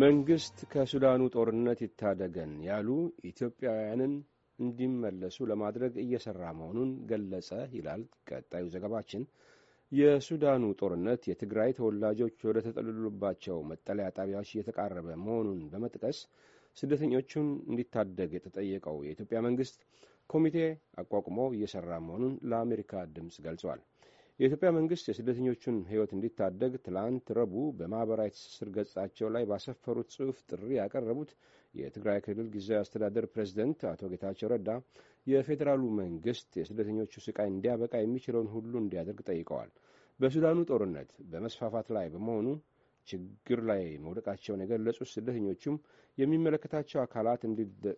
መንግስት ከሱዳኑ ጦርነት ይታደገን ያሉ ኢትዮጵያውያንን እንዲመለሱ ለማድረግ እየሰራ መሆኑን ገለጸ ይላል ቀጣዩ ዘገባችን። የሱዳኑ ጦርነት የትግራይ ተወላጆች ወደ ተጠልሉባቸው መጠለያ ጣቢያዎች እየተቃረበ መሆኑን በመጥቀስ ስደተኞቹን እንዲታደግ የተጠየቀው የኢትዮጵያ መንግስት ኮሚቴ አቋቁሞ እየሰራ መሆኑን ለአሜሪካ ድምፅ ገልጿል። የኢትዮጵያ መንግስት የስደተኞቹን ህይወት እንዲታደግ ትላንት ረቡዕ በማኅበራዊ ትስስር ገጻቸው ላይ ባሰፈሩት ጽሑፍ ጥሪ ያቀረቡት የትግራይ ክልል ጊዜያዊ አስተዳደር ፕሬዚደንት አቶ ጌታቸው ረዳ የፌዴራሉ መንግስት የስደተኞቹ ስቃይ እንዲያበቃ የሚችለውን ሁሉ እንዲያደርግ ጠይቀዋል። በሱዳኑ ጦርነት በመስፋፋት ላይ በመሆኑ ችግር ላይ መውደቃቸውን የገለጹ ስደተኞቹም የሚመለከታቸው አካላት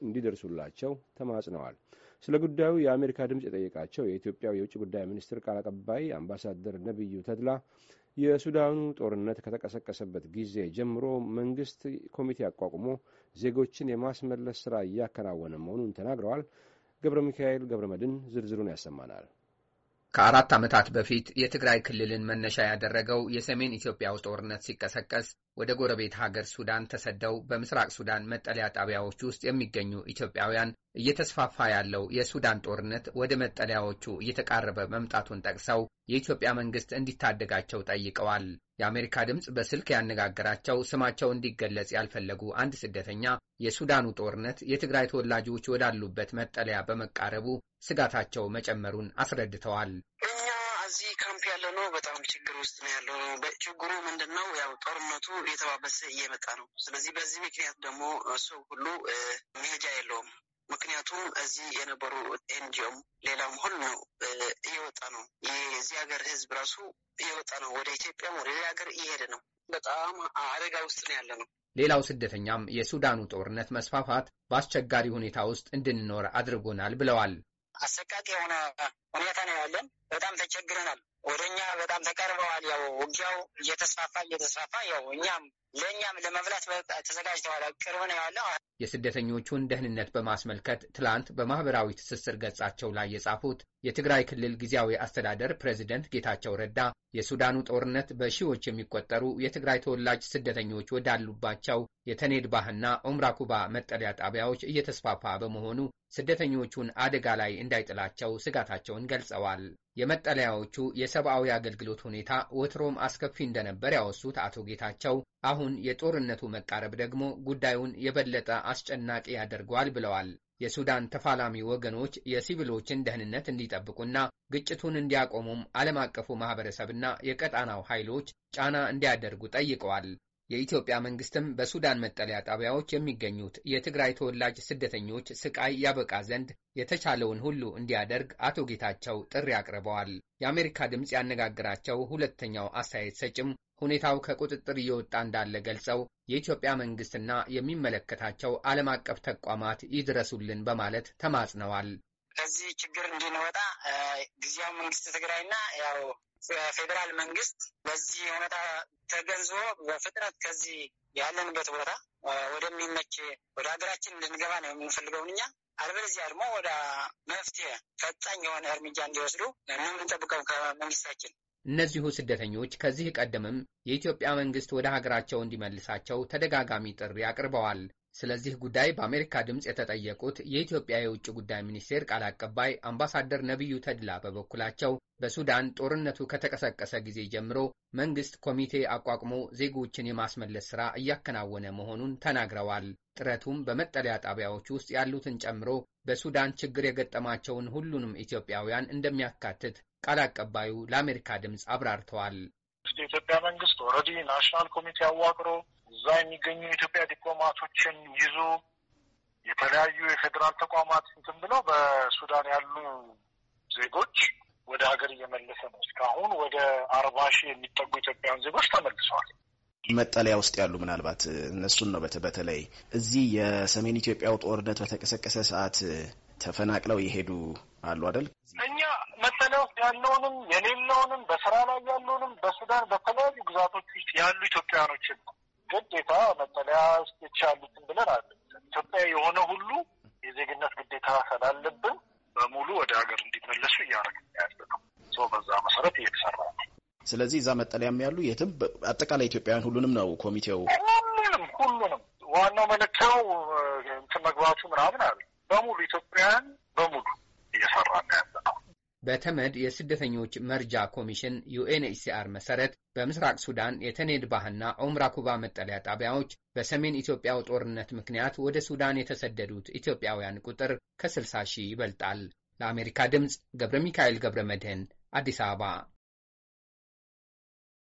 እንዲደርሱላቸው ተማጽነዋል። ስለ ጉዳዩ የአሜሪካ ድምፅ የጠየቃቸው የኢትዮጵያ የውጭ ጉዳይ ሚኒስትር ቃል አቀባይ አምባሳደር ነቢዩ ተድላ የሱዳኑ ጦርነት ከተቀሰቀሰበት ጊዜ ጀምሮ መንግስት ኮሚቴ አቋቁሞ ዜጎችን የማስመለስ ስራ እያከናወነ መሆኑን ተናግረዋል። ገብረ ሚካኤል ገብረ መድን ዝርዝሩን ያሰማናል። ከአራት ዓመታት በፊት የትግራይ ክልልን መነሻ ያደረገው የሰሜን ኢትዮጵያው ጦርነት ሲቀሰቀስ ወደ ጎረቤት ሀገር ሱዳን ተሰደው በምስራቅ ሱዳን መጠለያ ጣቢያዎች ውስጥ የሚገኙ ኢትዮጵያውያን እየተስፋፋ ያለው የሱዳን ጦርነት ወደ መጠለያዎቹ እየተቃረበ መምጣቱን ጠቅሰው የኢትዮጵያ መንግስት እንዲታደጋቸው ጠይቀዋል። የአሜሪካ ድምፅ በስልክ ያነጋገራቸው ስማቸው እንዲገለጽ ያልፈለጉ አንድ ስደተኛ የሱዳኑ ጦርነት የትግራይ ተወላጆች ወዳሉበት መጠለያ በመቃረቡ ስጋታቸው መጨመሩን አስረድተዋል። እኛ እዚህ ካምፕ ያለ ነው በጣም ችግር ውስጥ ነው ያለው። ችግሩ ምንድን ነው? ያው ጦርነቱ እየተባበሰ እየመጣ ነው። ስለዚህ በዚህ ምክንያት ደግሞ ሰው ሁሉ መሄጃ የለውም። ምክንያቱም እዚህ የነበሩ ኤንጂኦም ሌላም ሁሉ ነው እየወጣ ነው። የዚህ ሀገር ህዝብ ራሱ እየወጣ ነው። ወደ ኢትዮጵያም ወደ ሌላ ሀገር እየሄደ ነው። በጣም አደጋ ውስጥ ነው ያለ ነው። ሌላው ስደተኛም የሱዳኑ ጦርነት መስፋፋት በአስቸጋሪ ሁኔታ ውስጥ እንድንኖር አድርጎናል ብለዋል። አሰቃቂ የሆነ ሁኔታ ነው ያለን። በጣም ተቸግረናል። ወደ እኛ በጣም ተቀርበዋል። ያው ውጊያው እየተስፋፋ እየተስፋፋ ያው እኛም ለእኛም ለመብላት ተዘጋጅተዋል። ቅርብ ነው ያለው። የስደተኞቹን ደህንነት በማስመልከት ትላንት በማህበራዊ ትስስር ገጻቸው ላይ የጻፉት የትግራይ ክልል ጊዜያዊ አስተዳደር ፕሬዚደንት ጌታቸው ረዳ የሱዳኑ ጦርነት በሺዎች የሚቆጠሩ የትግራይ ተወላጅ ስደተኞች ወዳሉባቸው የተኔድ ኦምራኩባ መጠለያ ጣቢያዎች እየተስፋፋ በመሆኑ ስደተኞቹን አደጋ ላይ እንዳይጥላቸው ስጋታቸውን ገልጸዋል። የመጠለያዎቹ የሰብአዊ አገልግሎት ሁኔታ ወትሮም አስከፊ እንደነበር ያወሱት አቶ ጌታቸው አሁን የጦርነቱ መቃረብ ደግሞ ጉዳዩን የበለጠ አስጨናቂ ያደርገዋል ብለዋል። የሱዳን ተፋላሚ ወገኖች የሲቪሎችን ደህንነት እንዲጠብቁና ግጭቱን እንዲያቆሙም ዓለም አቀፉ ማኅበረሰብና የቀጣናው ኃይሎች ጫና እንዲያደርጉ ጠይቀዋል። የኢትዮጵያ መንግስትም በሱዳን መጠለያ ጣቢያዎች የሚገኙት የትግራይ ተወላጅ ስደተኞች ስቃይ ያበቃ ዘንድ የተቻለውን ሁሉ እንዲያደርግ አቶ ጌታቸው ጥሪ አቅርበዋል። የአሜሪካ ድምፅ ያነጋግራቸው ሁለተኛው አስተያየት ሰጭም ሁኔታው ከቁጥጥር እየወጣ እንዳለ ገልጸው የኢትዮጵያ መንግስትና የሚመለከታቸው ዓለም አቀፍ ተቋማት ይድረሱልን በማለት ተማጽነዋል። ከዚህ ችግር እንድንወጣ ጊዜያዊ መንግስት ትግራይና ያው የፌዴራል መንግስት በዚህ ሁኔታ ተገንዝቦ በፍጥነት ከዚህ ያለንበት ቦታ ወደሚመች ወደ ሀገራችን ልንገባ ነው የምንፈልገውን እኛ አልበለዚያ ደግሞ ወደ መፍትሄ ፈጣኝ የሆነ እርምጃ እንዲወስዱ የምንጠብቀው ከመንግስታችን። እነዚሁ ስደተኞች ከዚህ ቀደምም የኢትዮጵያ መንግስት ወደ ሀገራቸው እንዲመልሳቸው ተደጋጋሚ ጥሪ አቅርበዋል። ስለዚህ ጉዳይ በአሜሪካ ድምፅ የተጠየቁት የኢትዮጵያ የውጭ ጉዳይ ሚኒስቴር ቃል አቀባይ አምባሳደር ነቢዩ ተድላ በበኩላቸው በሱዳን ጦርነቱ ከተቀሰቀሰ ጊዜ ጀምሮ መንግስት ኮሚቴ አቋቁሞ ዜጎችን የማስመለስ ሥራ እያከናወነ መሆኑን ተናግረዋል። ጥረቱም በመጠለያ ጣቢያዎች ውስጥ ያሉትን ጨምሮ በሱዳን ችግር የገጠማቸውን ሁሉንም ኢትዮጵያውያን እንደሚያካትት ቃል አቀባዩ ለአሜሪካ ድምፅ አብራርተዋል። የኢትዮጵያ መንግስት ኦልሬዲ ናሽናል ኮሚቴ አዋቅሮ እዛ የሚገኙ የኢትዮጵያ ዲፕሎማቶችን ይዞ የተለያዩ የፌዴራል ተቋማት እንትን ብለው በሱዳን ያሉ ዜጎች ወደ ሀገር እየመለሰ ነው። እስካሁን ወደ አርባ ሺህ የሚጠጉ ኢትዮጵያውያን ዜጎች ተመልሰዋል። መጠለያ ውስጥ ያሉ ምናልባት እነሱን ነው በተለይ እዚህ የሰሜን ኢትዮጵያው ጦርነት በተቀሰቀሰ ሰዓት ተፈናቅለው የሄዱ አሉ አደል። እኛ መጠለያ ውስጥ ያለውንም የሌለውንም በስራ ላይ ያለውንም በሱዳን በተለያዩ ግዛቶች ውስጥ ያሉ ኢትዮጵያውያኖችን ነው ግዴታ መጠለያ ውስጥ ያሉትን ብለን አለ ኢትዮጵያ የሆነ ሁሉ የዜግነት ግዴታ ስላለብን በሙሉ ወደ ሀገር ስለዚህ እዛ መጠለያም ያሉ የትም አጠቃላይ ኢትዮጵያውያን ሁሉንም ነው ኮሚቴው ሁሉንም ሁሉንም ዋናው መለኪያው እንትን መግባቱ ምናምን አለ በሙሉ ኢትዮጵያውያን በሙሉ እየሰራ ነው ያለ ነው። በተመድ የስደተኞች መርጃ ኮሚሽን ዩኤንኤችሲአር መሰረት በምስራቅ ሱዳን የተኔድ ባህና ኦምራ ኩባ መጠለያ ጣቢያዎች በሰሜን ኢትዮጵያው ጦርነት ምክንያት ወደ ሱዳን የተሰደዱት ኢትዮጵያውያን ቁጥር ከ60 ሺህ ይበልጣል። ለአሜሪካ ድምፅ ገብረ ሚካኤል ገብረ መድህን አዲስ አበባ